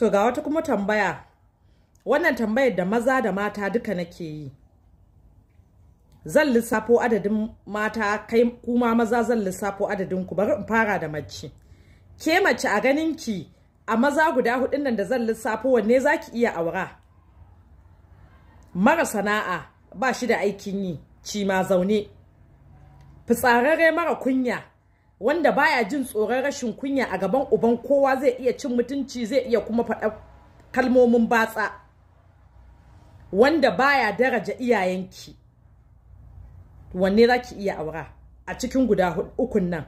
to ga wata kuma tambaya wannan tambayar da maza da mata duka nake yi zan lissafo adadin mata kai kuma maza zan lissafo adadin ku bari in fara da mace ke mace a ganin ki a maza guda hudun nan da zan lissafo wanne za ki iya aura mara sana'a ba shi da aikin yi ci ma zaune fitsararre mara kunya wanda baya jin tsoron rashin kunya a gaban uban kowa zai iya cin mutunci zai iya kuma faɗa kalmomin batsa wanda baya daraja iyayenki wanne za ki iya aura a cikin guda ukun nan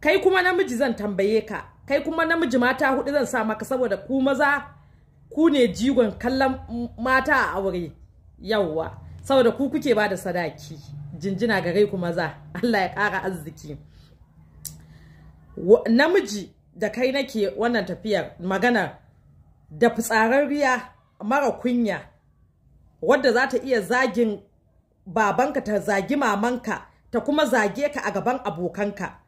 kai kuma namiji zan tambaye ka kai kuma namiji mata hudu zan sa maka saboda ku maza ku ne jigon kallon mata a aure yawwa saboda ku kuke ba da sadaki jinjina gare ku maza Allah ya ƙara arziki namiji da kai nake wannan tafiyar magana da fitsararriya mara kunya wadda za ta iya zagin babanka ta zagi mamanka ta kuma zage ka a gaban abokanka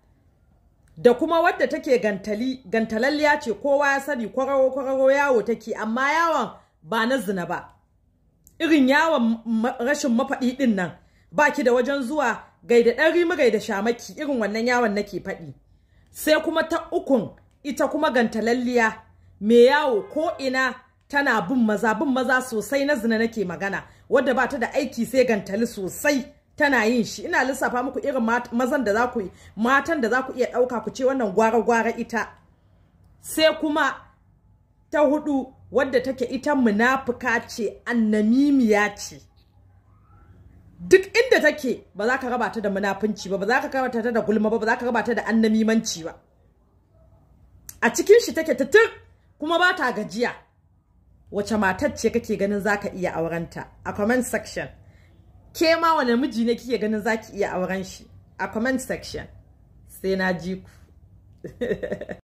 da kuma wadda take gantali gantalalliya ce kowa ya sani kwararo kwararo yawo take amma yawon ba na zina ba irin yawon rashin mafaɗi ɗin nan baki da wajen zuwa gaida ɗan rimi gaida shamaki irin wannan yawon nake faɗi sai kuma ta ukun ita kuma gantalalliya mai yawo ko ina tana bin maza bin maza sosai na zina nake magana wadda ba ta da aiki sai gantali sosai tana yin shi ina lissafa muku irin mazan da za ku yi matan da za ku iya ɗauka ku ce wannan gwara-gwara ita sai kuma ta hudu wadda take ita munafuka ce annamimiya ce duk inda take ba za ka raba da munafunci ba ba za ka raba ta da gulma ba ba za ka raba ta da annamimanci ba a cikin shi take tutur kuma ba ta gajiya wace matar ce kake ganin za ka iya aurenta a comment section ke ma wani miji ne kike ganin za ki iya auren shi a comment section sai na ji ku